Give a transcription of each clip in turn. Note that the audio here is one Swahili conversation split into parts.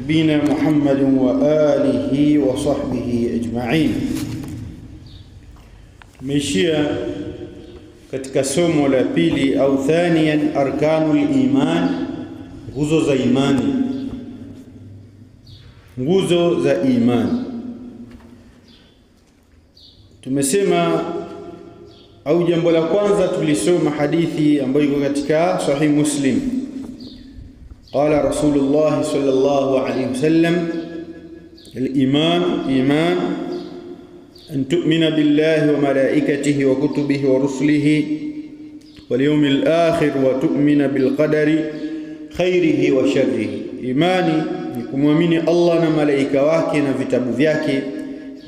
نبينا محمد وآله وصحبه ajmain Tumeishia katika somo la pili au thaniyan, arkanu iman, nguzo za imani, nguzo za imani. Tumesema au jambo la kwanza tulisoma hadithi ambayo iko katika Sahih Muslim قال رسول الله صلى الله عليه وسلم الإيمان إيمان أن تؤمن بالله وملائكته وكتبه ورسله واليوم الآخر وتؤمن بالقدر خيره وشره إيماني يكون من الله نملائك واكنا في تبذيك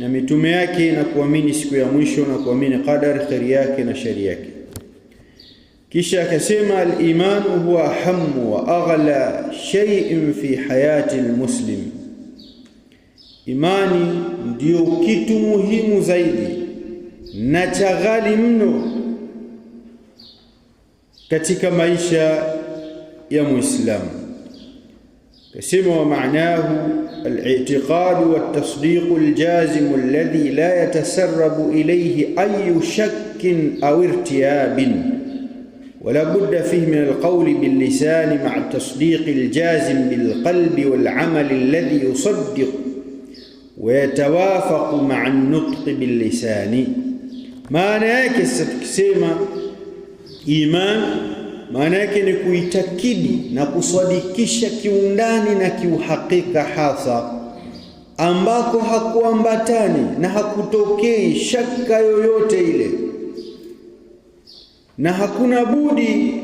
نمتمياك نكون من سكوية منشو نكون قدر خيرياك نشرياك Kisha akasema al-imanu huwa hamu wa aghla shay'in fi hayati al-muslim, imani ndiyo kitu muhimu zaidi na cha ghali mno katika maisha ya Muislamu. Kasema wa maanahu al-i'tiqadu wat-tasdiqu al-jazimu alladhi la yatasarrabu ilayhi ayu shakkin aw irtiyabin ولا بد فيه من القول باللسان مع التصديق الجازم بالقلب والعمل الذي يصدق ويتوافق مع النطق باللسان ما ناك ستكسيما إيمان ما ناك نكو يتكدي نكو صديكش كيوندان نكو حقيقة حاصة أمباكو حقو أمباتاني نحكو توكي شك يويوتي إليه na hakuna budi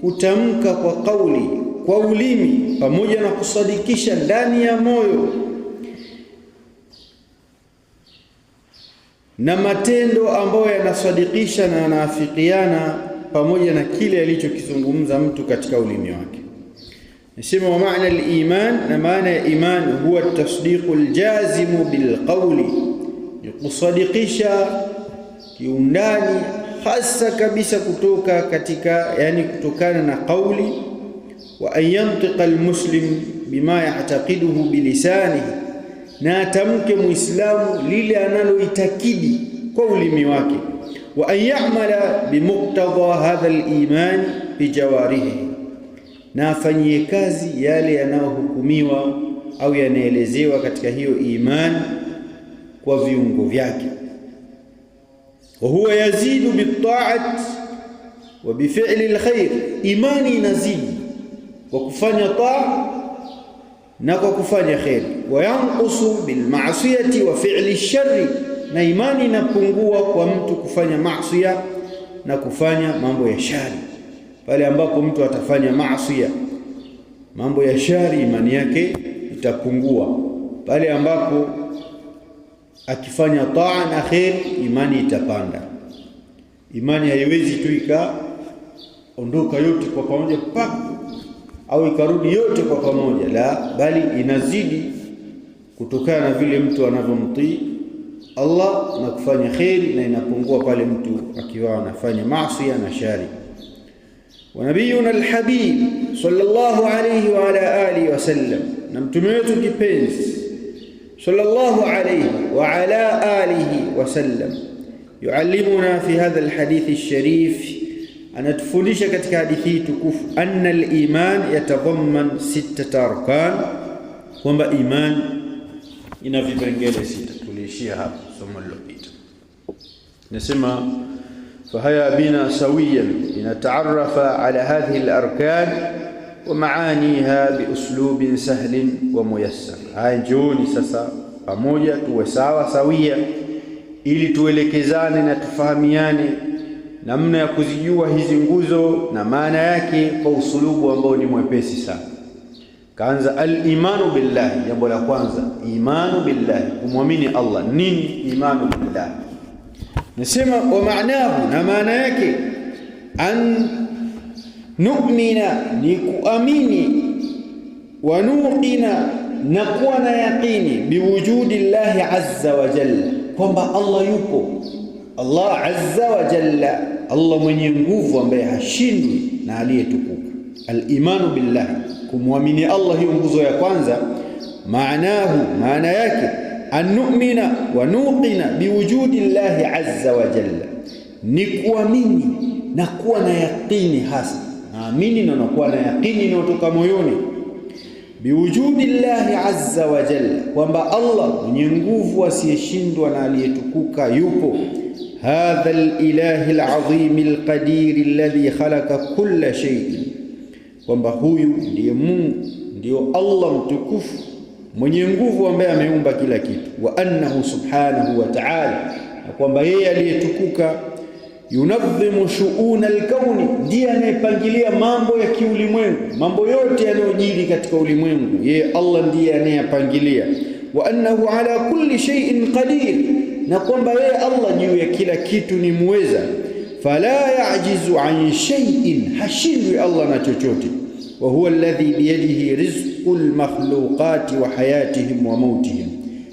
kutamka kwa kauli, kwa ulimi, pamoja na kusadikisha ndani ya moyo na matendo ambayo yanasadikisha na yanaafikiana pamoja na kile alichokizungumza mtu katika ulimi wake. Nasema wa maana al-iman, na maana ya iman huwa tasdiqu aljazimu bilqauli, ni kusadikisha kiundani hasa kabisa kutoka katika yani, kutokana na qauli wa an yantiqa almuslim bima yaatakiduhu bilisanihi, na atamke muislamu lile analoitakidi kwa ulimi wake, wa an ya'mala bimuqtada hadha aliman bijawarihi, na afanyie kazi yale yanayohukumiwa au yanaelezewa katika hiyo imani kwa viungo vyake wa huwa yazidu bitaati wa bifili lkhair, imani inazidi kwa kufanya taa na kwa kufanya kheri. Wa yanqusu wa fili lshari na imani inapungua kwa mtu kufanya masia na kufanya mambo ya shari. Pale ambapo mtu atafanya masia, mambo ya shari, imani yake itapungua. Pale ambapo akifanya taa na kheri, imani itapanda. Imani haiwezi tu ikaondoka yote kwa pamoja paka au ikarudi yote kwa pamoja, la bali inazidi kutokana na vile mtu anavyomtii Allah na kufanya kheri, na inapungua pale mtu akiwa anafanya maasi na shari. Wa nabiyuna alhabib sallallahu alayhi wa ala alihi wasallam, na mtume wetu kipenzi صلى الله عليه وعلى آله وسلم يعلمنا في هذا الحديث الشريف أن تفلش كتك تكف أن الإيمان يتضمن ستة أركان وما إيمان إن في بنجل ستة تفلشها ثم اللبيت نسمع فهيا بنا سويا لنتعرف على هذه الأركان wa maaniha biuslubin sahlin wa muyassar. Haya, njooni sasa pamoja tuwe sawa sawia, ili tuelekezane na tufahamiane namna ya kuzijua hizi nguzo na maana yake kwa usulubu ambao ni mwepesi sana. Kaanza al-imanu billahi, jambo la kwanza imanu billahi, kumwamini Allah. Nini imanu billahi? Nasema wa maanahu, na maana yake an nu'mina ni kuamini, wa nuqina na kuwa na yaqini biwujudi llahi azza wa jalla, kwamba Allah yupo. Allah azza wa jalla, Allah mwenye nguvu ambaye hashindwi na aliyetukuka. Al-imanu billahi, kumwamini Allah, hiyo nguzo ya kwanza. Maanahu, maana yake annu'mina wa nuqina biwujudi llahi azza wa jalla, ni kuamini na kuwa na yaqini hasa naamini na nakuwa na yaqini inayotoka moyoni biwujudi llahi azza wa jalla, kwamba Allah mwenye nguvu asiyeshindwa na aliyetukuka yupo. Hadha lilahi ladhimi lqadiri alladhi khalaqa kulla shay'in, kwamba huyu ndiye Mungu, ndiyo Allah mtukufu mwenye nguvu ambaye ameumba kila kitu. Wa annahu subhanahu wa ta'ala, na kwamba yeye aliyetukuka yunadhimu shuuna alkauni, ndiye anayepangilia mambo ya kiulimwengu, mambo yote yanayojiri katika ulimwengu, yeye Allah ndiye anayeyapangilia. Wa annahu ala kulli shay'in qadir, na kwamba yeye Allah juu ya kila kitu ni muweza. Fala yajizu an shay'in, hashindwi Allah na chochote. Wa huwa alladhi biyadihi rizqul makhluqati wa hayatihim wa mautihim,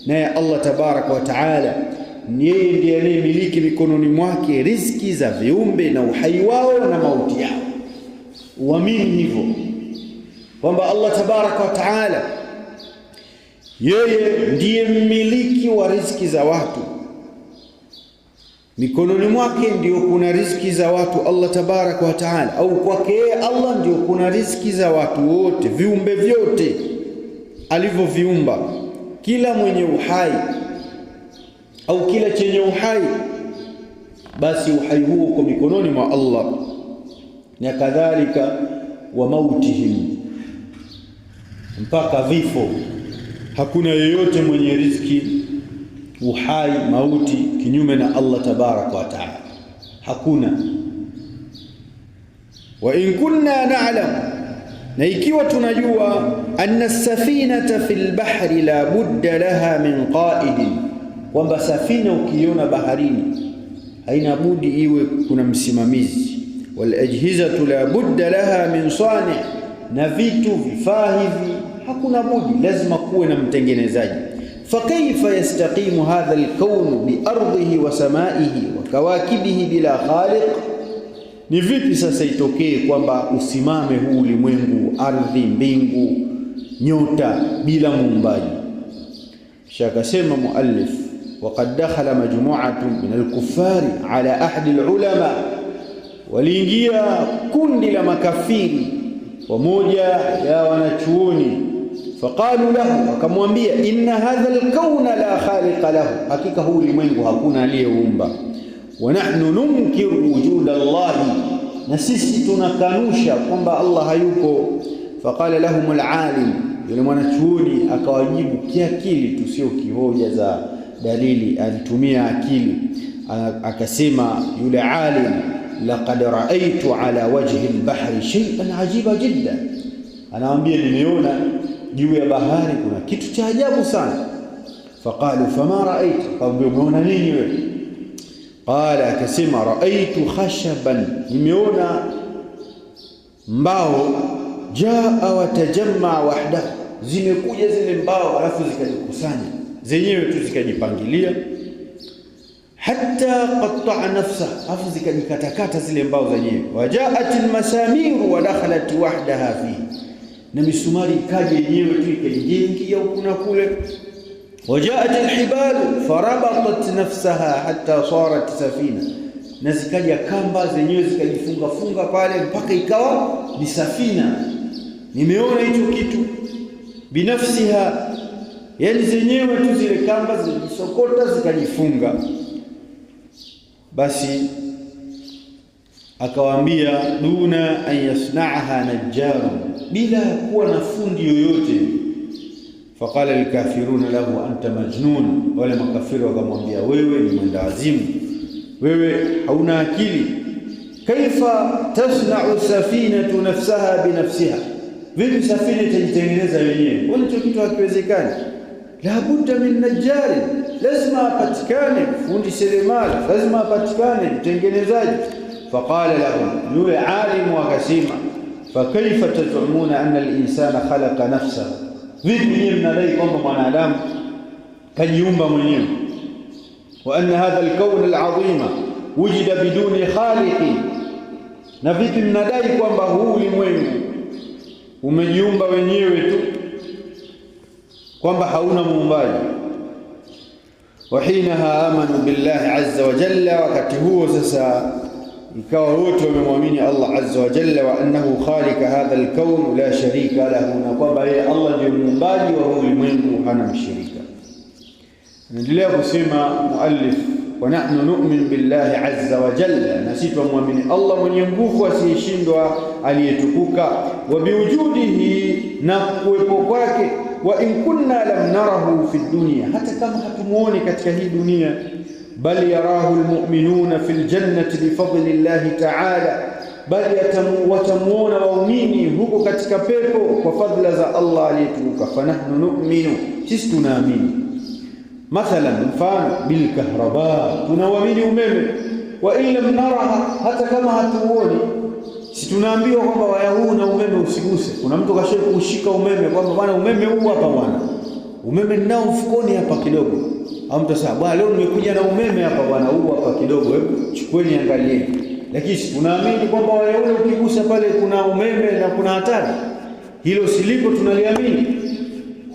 naye Allah tabaraka wa taala ni yeye ndiye anayemiliki mikononi mwake riziki za viumbe na uhai wao na mauti yao. Uamini hivyo kwamba Allah tabaraka wa taala yeye ndiye mmiliki wa riziki za watu, mikononi mwake ndio kuna riziki za watu Allah tabaraka wa taala, au kwake yeye Allah ndio kuna riziki za watu wote, viumbe vyote alivyoviumba, kila mwenye uhai au kila chenye uhai, basi uhai huo uko mikononi mwa Allah, na kadhalika wa mautihim, mpaka vifo. Hakuna yeyote mwenye riziki uhai mauti kinyume na Allah tabaraka wa taala, hakuna. Wa in kunna na'lam na ikiwa tunajua, anna safinata fil bahri la budda laha min qaidin kwamba safina ukiona baharini haina budi iwe kuna msimamizi. Wal ajhizatu la budda laha min sani, na vitu vifaa hivi hakuna budi lazima kuwe na mtengenezaji. Fakaifa yastaqimu hadha bi ardhihi wa samaihi wa kawakibihi bila khaliq, ni vipi sasa itokee kwamba usimame huu ulimwengu, ardhi, mbingu, nyota bila muumbaji? Shakasema muallif waqad dakhala majmu'atun min alkufari ala ahdi alulama, waliingia kundi la makafiri pamoja ya wanachuoni. Faqalu lahu, wakamwambia inna hadha alkauna la khaliqa lahu, hakika huu ulimwengu hakuna aliyeumba. Wa nahnu numkiru wujuda Allahi, na sisi tunakanusha kwamba Allah hayupo. Faqala lahum alalim, yule mwanachuoni akawajibu kiakili tu, sio kihoja za dalili, alitumia akili akasema yule alim, laqad raaitu ala wajhi lbahri shay'an ajiba jidda, anawambia nimeona juu ya bahari kuna kitu cha ajabu sana. Faqalu fama raaitu, kaambia umeona nini wewe? Qala, akasema raaitu khashaban, nimeona mbao jaa watajamaa wahda, zimekuja zile mbao alafu zikajikusanya zenyewe tu zikajipangilia, hata qataa nafsa, afu zikajikatakata zile mbao zenyewe. Wajaat almasamiru wa dakhalat wahdaha fi, na misumari ikaja yenyewe tu ikajiingia huku na kule. Wajaat alhibalu farabatat nafsaha hata sarat safina, na zikaja kamba zenyewe zikajifunga funga pale mpaka ikawa ni safina. Nimeona hicho kitu binafsiha yaani zenyewe tu zile kamba zilijisokota zikajifunga. Basi akawaambia duna an yasnaaha najjaru, bila kuwa na fundi yoyote. Faqala alkafiruna lahu anta majnun, wale makafiri wakamwambia wewe ni azimu wewe hauna akili. Kaifa tasnau safinatu nafsaha binafsiha, vipi safina itajitengeneza wenyewe? Wanicho kitu hakiwezekani la budda min najjari, lazima apatikane fundi seremala, lazima apatikane mtengenezaji. Faqala lahum, yule alimu akasema, fakaifa tazumuna anna linsana khalaqa nafsahu, vipi nyinyi mnadai kwamba mwanadamu kajiumba mwenyewe? Wa anna hadha alkawn alazima wujida biduni khaliqi, na vipi mnadai kwamba huu ulimwengu umejiumba wenyewe tu kwamba hauna muumbaji. Wa hinaha amanu billahi azza wa jalla, wakati huo sasa ikawa wote wamemwamini Allah azza wa jalla, wa annahu khalika hadha alkaun la sharika lahu, na kwamba yeye Allah ndiye muumbaji wa huu ulimwengu, hana mshirika. Naendelea kusema muallif wa nahnu nu'min billahi azza wa jalla, na sisi twamwamini Allah mwenye nguvu asiyeshindwa aliyetukuka, wa biwujudihi, na kuwepo kwake وإن كنا لم نره في الدنيا حتى كما هتموني katika hii dunia بل يراه المؤمنون في الجنة بفضل الله تعالى بل يتمون وتمون هكو كتك بيبو وفضل ذا الله ليتوك فنحن نؤمن تستنا تنامين مثلا فان بالكهرباء تنوامين أمامه وإن لم نرها حتى كما هتموني Si tunaambiwa kwamba waya huu na umeme usiguse. Kuna mtu kashaye kushika umeme kwamba bwana, umeme huu hapa bwana, umeme ninao mfukoni hapa kidogo, au mtu sasa, bwana, leo nimekuja na umeme hapa bwana, huu hapa kidogo, hebu chukueni, angalieni. Lakini si tunaamini kwamba waya ule ukigusa pale kuna umeme na kuna hatari? Hilo silipo tunaliamini,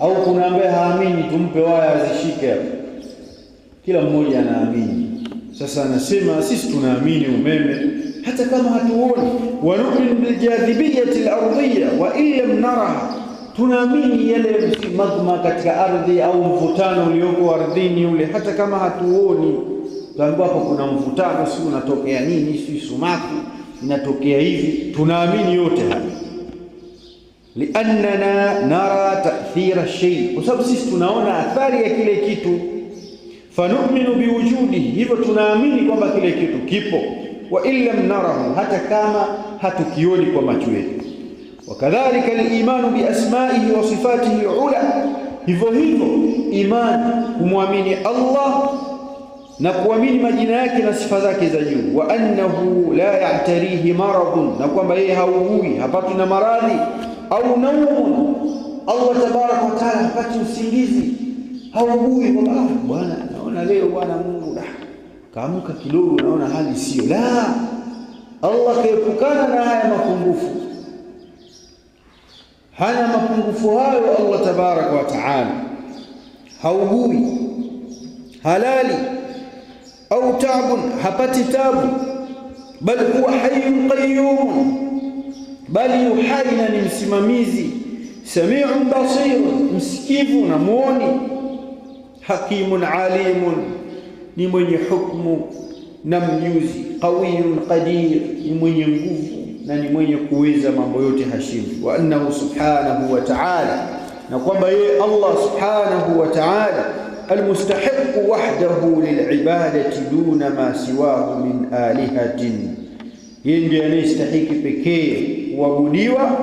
au kuna ambaye haamini, tumpe waya azishike hapa? Kila mmoja anaamini. Sasa anasema sisi tunaamini umeme hata kama hatuoni. wa nu'min biljadhibiyati lardhiya wa in lam naraha, tunaamini yale magma katika ardhi au mvutano ulioko ardhini ule, hata kama hatuoni. Tuambiwa hapo kuna mvutano, si unatokea nini, si sumaku inatokea hivi, tunaamini yote haya liannana nara ta'thira shay, kwa sababu sisi tunaona athari ya kile kitu. Fanuminu biwujudi, hivyo tunaamini kwamba kile kitu kipo wa in lam narahu, hata kama hatukioni kwa macho yetu. Wakadhalika alimanu biasmaihi wa sifatihi ula, hivyo hivyo imani kumwamini Allah na kuamini majina yake na sifa zake za juu. Wa annahu la ya'tarihi maradun, na kwamba yeye haugui hapati na maradhi au naumu. Allah tabaraka wa taala hapati usingizi, haugui Bwana naona leo bwana kaamka kidogo, unaona hali sio la Allah, kaepukana na haya mapungufu. Hana mapungufu hayo Allah tabaraka wa taala, haugui halali au tabun hapati tabu, bal huwa hayyun qayyum, bali yuhai na ni msimamizi, samiun basirun, msikivu na mwoni, hakimun alimun ni mwenye hukmu na mjuzi, qawiyun qadir, ni mwenye nguvu na ni mwenye kuweza mambo yote, hashindwi. Wa annahu subhanahu wa ta'ala, na kwamba yeye Allah subhanahu wa ta'ala almustahiqu wahdahu lilibadati duna ma siwahu min alihatin, yeye ndiye anayestahiki pekee kuabudiwa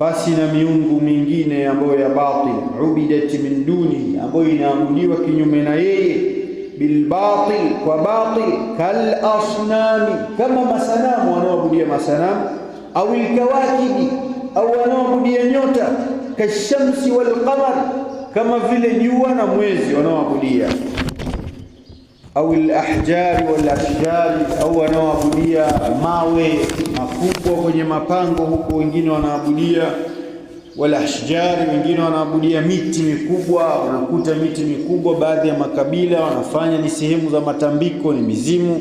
basi na miungu mingine ambayo ya batil, ubidati min dunihi ambayo inaabudiwa kinyume na yeye bilbatil, kwa batil, kal asnami, kama masanamu wanaoabudia masanamu, au ilkawakibi, au wanaoabudia nyota, kashamsi walqamar, kama vile jua na mwezi wanaoabudia, au lahjari walashjari, au wanaoabudia mawe makubwa kwenye mapango, huku wengine wanaabudia wala ashjari, wengine wanaabudia miti mikubwa. wanakuta miti mikubwa baadhi ya makabila wanafanya ni sehemu za matambiko, ni mizimu.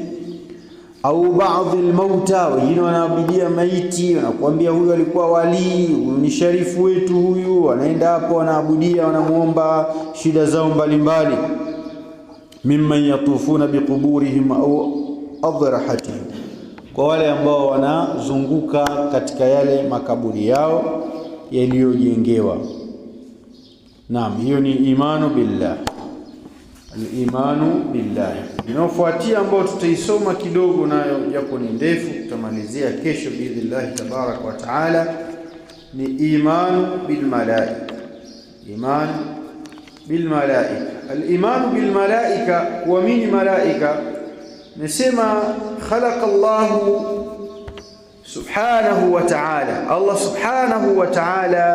Au baadhi almauta, wengine wanaabudia maiti, wanakuambia huyu alikuwa walii, huyu ni sharifu wetu, huyu wanaenda hapo, wanaabudia, wanamuomba shida zao mbalimbali. Mimman yatufuna biquburihim au adhrahatihim kwa wale ambao wanazunguka katika yale makaburi yao yaliyojengewa. Naam, hiyo ni imanu billah, al-imanu billah. Inayofuatia ambayo tutaisoma kidogo nayo, japo ni ndefu, tutamalizia kesho biidhnillahi tabaraka wa taala, ni imanu bilmalaika, imanu bilmalaika Alimanu bilmalaika, kuamini malaika. Nasema khalaqa Allahu subhanahu wa ta'ala. Allah subhanahu wa ta'ala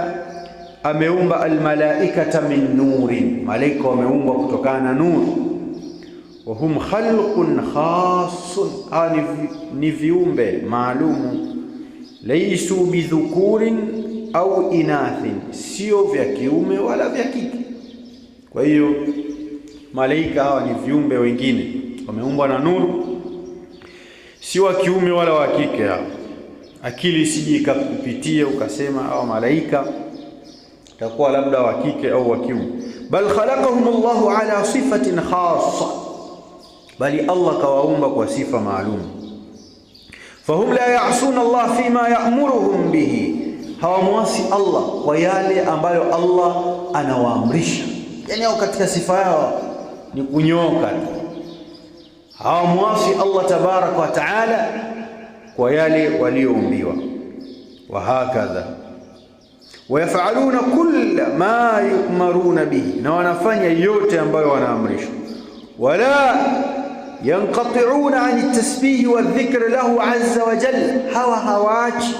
ameumba almalaikata min nurin, malaika wameumbwa kutokana na nuru. Wa hum khalqun khasun, hawa ni viumbe maalumu. Laisu bidhukurin au inathin, sio vya kiume wala vya kike. Kwa hiyo malaika hawa ni viumbe wengine wameumbwa na nuru, si wa kiume wala wa kike hawa akili isije ikakupitia ukasema au malaika takuwa labda wa kike au wa kiume. Bal khalaqahum Allahu ala sifatin khassa, bali Allah kawaumba kwa sifa maalum. Fahum la ya'suna Allah fima ya'muruhum bihi, hawamwasi Allah kwa yale ambayo Allah anawaamrisha. Yani au katika sifa yao ni kunyoka, hawamwasi Allah tabaraka wa taala kwa yale walioumbiwa. hakadha wayafaluna kulla ma yumaruna bihi, na wanafanya yote ambayo wanaamrishwa. Wala yanqatiuna an tasbihi wa dhikri lahu azza wa jalla, hawa hawaachi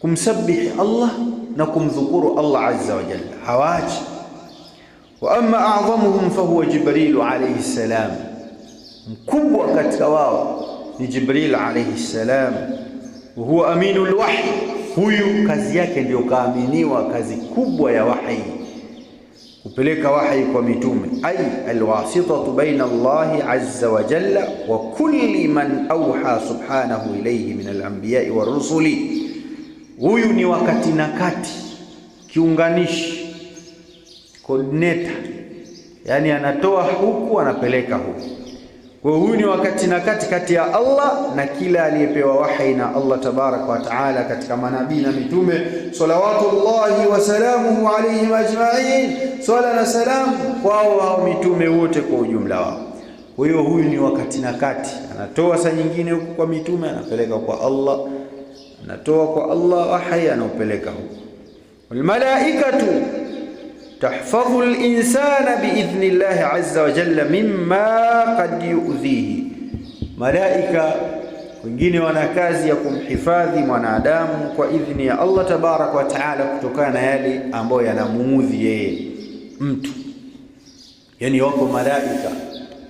kumsabihi Allah na kumdhukuru Allah azza wa jalla, hawaachi. Wa amma a'dhamuhum fahuwa Jibrilu alayhi salam, mkubwa katika wao ni Jibril alayhi salam, huwa aminul wahyi. Huyu kazi yake ndio kaaminiwa, kazi kubwa ya wahyi, kupeleka wahyi kwa mitume. Ay alwasitatu baina Allahi azza wa jalla wa kulli man awha subhanahu ilayhi min alambiyai warusuli. Huyu ni wakati na kati, kiunganishi, coordinator, yani anatoa huku anapeleka huku kwa hiyo huyu ni wakati na kati kati ya Allah na kila aliyepewa wahi na Allah tabaraka wa taala katika manabii na mitume, salawatullahi wasalamuhu alaihim ajmain, swala na salamu kwao hao mitume wote kwa ujumla wao. Kwa hiyo huyu ni wakati na kati, anatoa saa nyingine huku kwa mitume, anapeleka kwa Allah, anatoa kwa Allah wahi, anaupeleka huko. Walmalaikatu tahfadhu linsana biidhni llahi azza wa jalla mimma qad malaika wengine wana kazi ya kumhifadhi mwanadamu kwa idhni ya Allah tabaraka wa taala kutokana na yale ambayo yanamuudhi yeye mtu. Yani wako malaika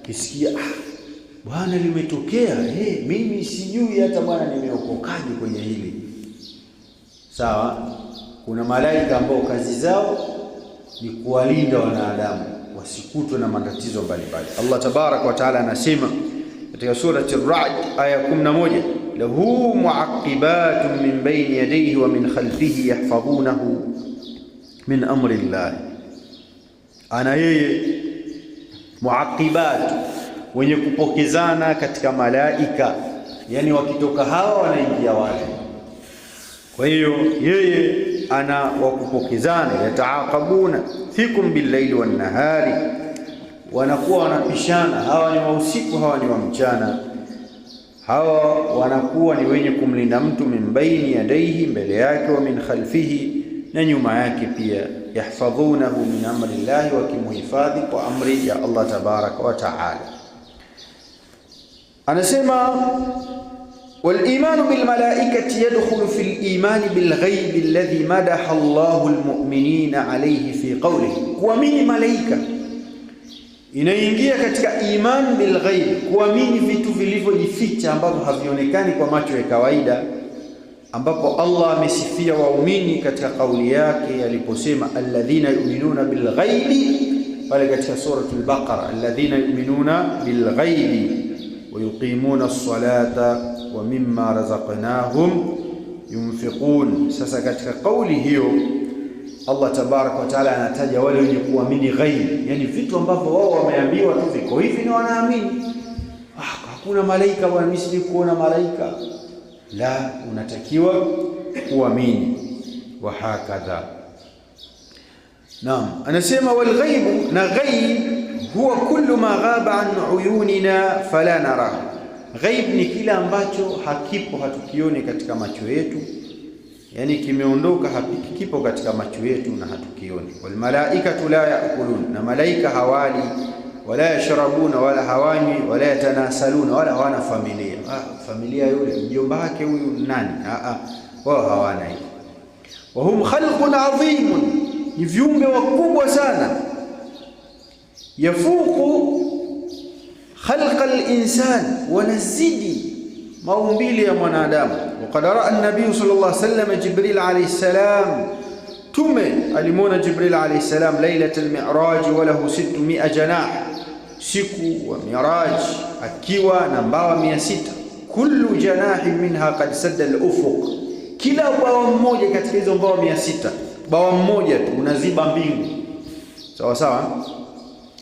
kisikia ah, bwana limetokea, hey, eh, mimi sijui hata bwana nimeokokaje kwenye hili. Sawa, kuna malaika ambao kazi zao ni kuwalinda wanadamu wasikutwe na matatizo mbalimbali. Allah tabaraka wa taala anasema katika surati Ar-Ra'd aya 11, lahu muaqibatun min bayni yadayhi wa min khalfihi yahfazunahu min amri llah, ana yeye muaqibat, wenye kupokezana katika malaika, yani wakitoka hawa wanaingia wale. Kwa hiyo yeye ana wakupokezana, yataaqabuna fikum billaili wannahari, wanakuwa wanapishana. Hawa ni wa usiku, hawa ni wa mchana. Hawa wanakuwa ni wenye kumlinda mtu, min baini yadaihi, mbele yake, wa min khalfihi, na nyuma yake pia, yahfadhunahu min amri llahi, wakimuhifadhi kwa amri ya Allah tabaraka wa taala. Anasema Walimanu bilmalaikati yadkhulu fi limani bilghaibi alladhi madaha Allahu almu'minina alayhi fi qawlihi, kuamini malaika inaingia katika iman bilghaibi, kuamini vitu vilivyojificha ambavyo havionekani kwa macho ya kawaida, ambapo Allah amesifia waumini katika kauli yake aliposema alladhina yu'minuna bilghaibi, pale katika suratul Baqara, alladhina yu'minuna bilghaibi wa yuqimuna as-salata wa mimma razaqnahum yunfiqun. Sasa katika kauli hiyo Allah tabaraka wa taala anataja wale wenye kuamini ghaibi, yani vitu ambavyo wao wameambiwa tu viko hivi na wanaamini. Ah, hakuna malaika bwana, mimi sijui kuona malaika. La, unatakiwa kuamini. Wa hakadha, naam, anasema wal ghaibu, na ghaib huwa kullu ma ghaba an uyunina fala narahu Ghaib ni kile ambacho hakipo, hatukioni katika macho yetu, yani kimeondoka, hakipo katika macho yetu na hatukioni. Wal malaikatu la yakulun, na malaika hawali, wala yashrabuna, wala hawanywi, wala yatanasaluna, wala hawana familia. Ah, familia yule mjomba wake huyu nani? Ah, ah, wao hawana hiyo. Wa hum khalqun adhimun, ni viumbe wakubwa sana, yafuku خلق الإنسان ونسيدي مومبيل يا من آدم وقد رأى النبي صلى الله عليه وسلم جبريل عليه السلام ثم ألمون جبريل عليه السلام ليلة المعراج وله ستمائة جناح سكو ومعراج أكيوة نمبار مئة ستة كل جناح منها قد سد الأفق كلا باوام موجة كتريزون باوام مئة ستة باوام موجة منزيبا بيه سوا سوا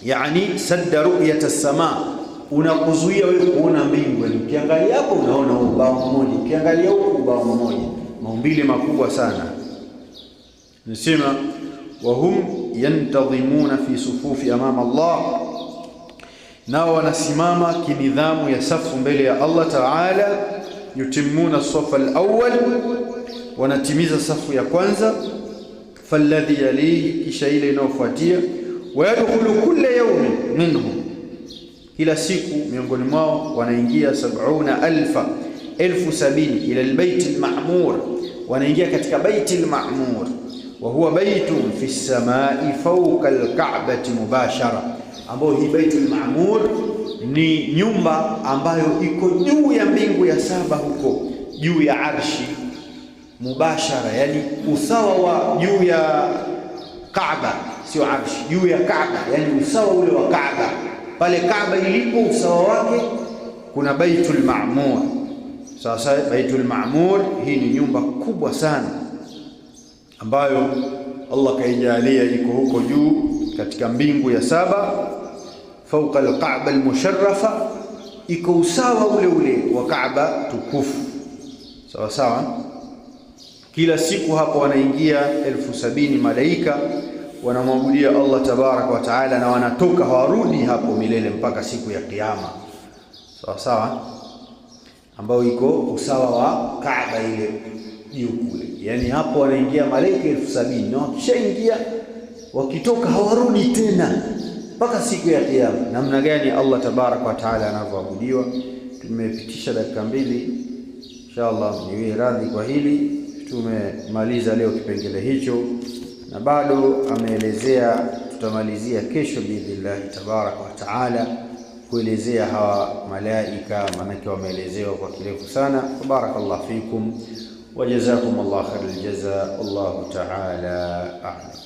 يعني سد رؤية السماء unakuzuia wewe kuona mbingu. Yaani ukiangalia hapo unaona ubao mmoja, ukiangalia huko ubao mmoja. Maumbile makubwa sana. Nasema wahum yantadhimuna fi sufufi amama Allah, nao wanasimama kinidhamu ya safu mbele ya Allah Taala. Yutimuna safa alawwal, wanatimiza safu ya kwanza. Falladhi yalihi, kisha ile inayofuatia. Wayadkhulu kulla yawmin minhum kila siku miongoni mwao wanaingia sab'una alfa elfu sabini ila albayti alma'mur, wanaingia katika baiti alma'mur. Wa huwa baitun fi lsamai fauka alka'bati mubashara, ambayo hii baiti alma'mur ni nyumba ambayo iko juu ya mbingu ya saba huko juu ya arshi mubashara, yani usawa wa juu ya Kaaba, sio arshi, juu ya Kaaba, yani usawa ule wa Kaaba pale Kaaba ilipo usawa wake kuna Baitul Maamur. Sasa Baitul Maamur hii ni nyumba kubwa sana ambayo Allah kaijalia iko huko juu katika mbingu ya saba, fauka alkaaba almusharafa, iko usawa ule ule wa Kaaba tukufu sawa sawa. Kila siku hapo wanaingia elfu sabini malaika wanamwabudia Allah tabaraka wa taala, na wanatoka hawarudi hapo milele mpaka siku ya Kiyama, sawa sawa, ambayo iko usawa wa Kaaba ile juu kule. Yani hapo wanaingia malaika elfu sabini na wakishaingia wakitoka hawarudi tena mpaka siku ya Kiyama. Namna gani Allah tabaraka wa taala anavyoabudiwa? Tumepitisha dakika mbili, Inshallah niwe radhi kwa hili. Tumemaliza leo kipengele hicho na bado ameelezea, tutamalizia kesho biidhnillahi tabaraka wa taala kuelezea hawa malaika, maanake wameelezewa kwa kirefu sana. Barakallahu fikum wa jazakum Allah khairul jaza, wallahu taala a'lam.